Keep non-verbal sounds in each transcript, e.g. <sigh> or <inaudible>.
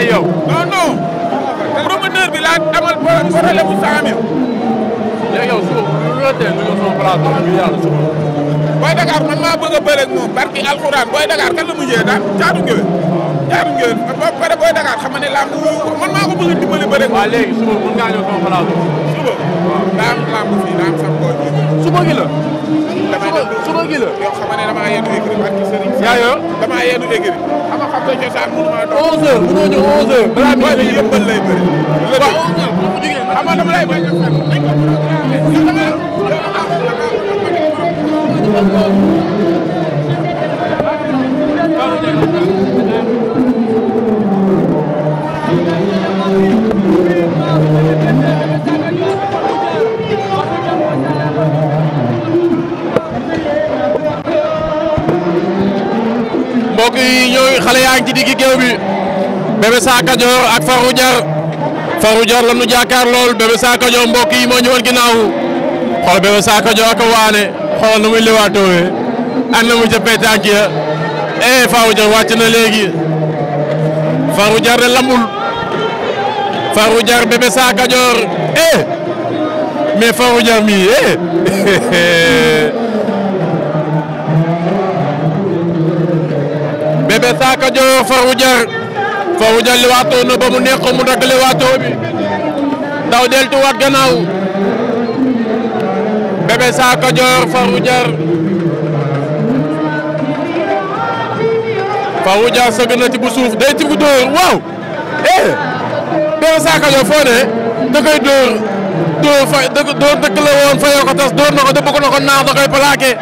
waay yow. non non promoteur bi amal problème bu 100000. léegi suba bu ñu tee ñu sama suba. booy Dakar man maa bëgg a bëre ak moom barki alxuraan booy Dakar kan la mujjee daan caatu ngéwél. booy Dakar xam nga ne man maa ko bëgg a dimbali bëre ak suba mën ngaa ñëw suba waaw daa suba gi la. suba suba gi la. yow xam nga ne damaa yéenu écrit ak sëriñ. yaa yo damaa yéenu écrit. xam nga xam nga cosaan mënu maa doon. 11h mënoo ñëw 11h. balaa mi ngi yëmbal lay bëri. waaw 11h bu mu jugee xam nga dama lay bañ a fàttali. yaa ngi ci diggi géew bi Bébé Sa ak Farou Diar Farou Diar lool Bébé Sa Kajoor mbokk yi moo ñëwoon ginnaaw xool Bébé Sa Kajoor ak waane xool na muy lewaatoowee am na muy jëppee tànk ya eh Farou Diar na léegi Farou de lambul Farou Diar Bébé Sa Kajoor eh mais <laughs> diggante Sakka Dior Farou Diar Farou Diar li waatoo na ba mu nekk mu dagg li waatoo bi daw deltuwaat gannaaw Bébé Sakka Dior Farou Diar Farou Diar sëgg na ci bu suuf day ci bu dóor waaw eh Bébé Sakka Dior foo ne da koy dóor dóor fa dóor dëkk la woon fayoo ko tas dóor na ko dëbb ko na ko naax da koy plaqué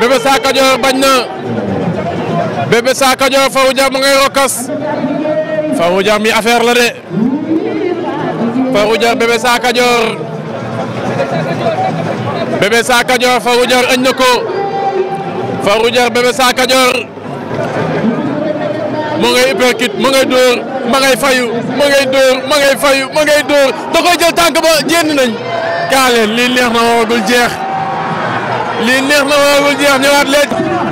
Bébé Sakka Dior bañ na Bébé Sa Kajoor Farouja mu ngay rokkas mi affaire la de Farouja Bébé Sa Bébé Sa Kajoor Farouja añ Bébé Sa ma ngay fayu ma ngay dóor ma ngay fayu ma ngay dóor da koy jël ba jénn nañ kaa neex na woogul jeex lii neex na woogul jeex ñëwaat léegi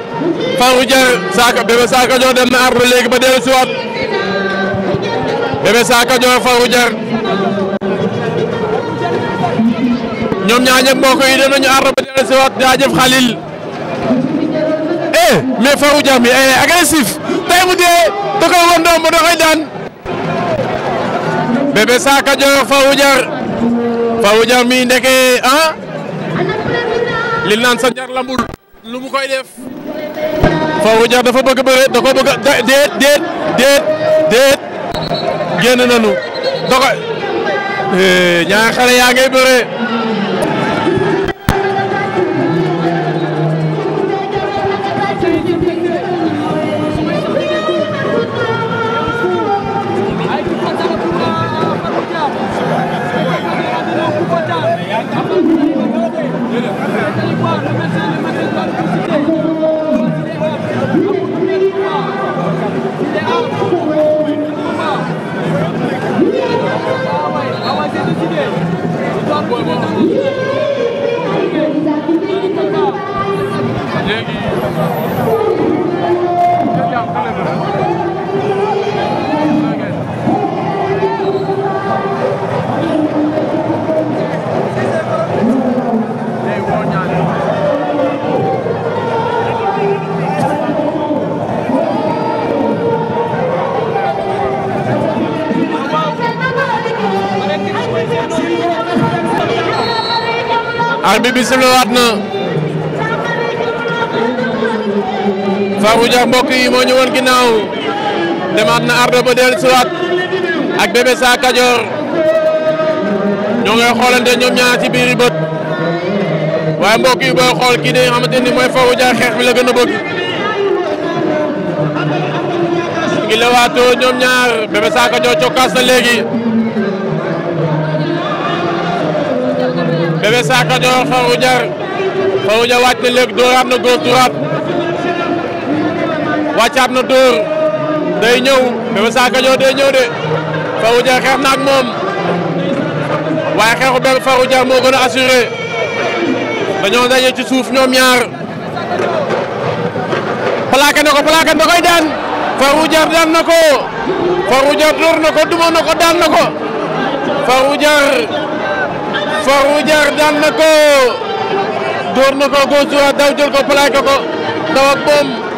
Farou Dieng Saka Bébé Saka Dior dem na arbre léegi ba ñoom ñaar ñëpp mbokk yi dem ba dellu si waat Khalil eh mais Farou Dieng mi eh agressif tey mu dee da koy won doom ba da koy daan Bébé mi ndeke ah li naan sa lambul lu mu koy def. Fawru Ñaŋ dafa bëgg bëre da ko bëgg déet déet déet déet génn nañu doxal eh, ñaari xale yaa ngay bëre arbitre bi sifle waat na Farou Diakh mbok yi moo ñu woon ginnaaw demaat na ardo ba dellu siwaat ak Bébé Sa Kajoor ñoo ngay xoolante ñoom ñaar ci biiri bët waaye mbokk yi booy xool kii de nga xamante ni mooy Farou Diakh xeex bi la gën a bëgg ngi lewaatoo ñoom ñaar Bébé Sa Kajoor cokkaas na léegi diggante Sakho Nior Kharu Niar na léegi dóor day ñëw Bébé Sakho Nior day ñëw de Kharu Niar xeex moom waaye xeexu benn Kharu Niar assuré dañoo daje ci suuf ñoom ñaar plaqué na ko plaqué da koy daan Kharu daan na ko Kharu dóor na ko duma na ko daan na ko Kharu Farou Diar daan na ko dóor na ko góor su daw jël ko plaqué ko daw ak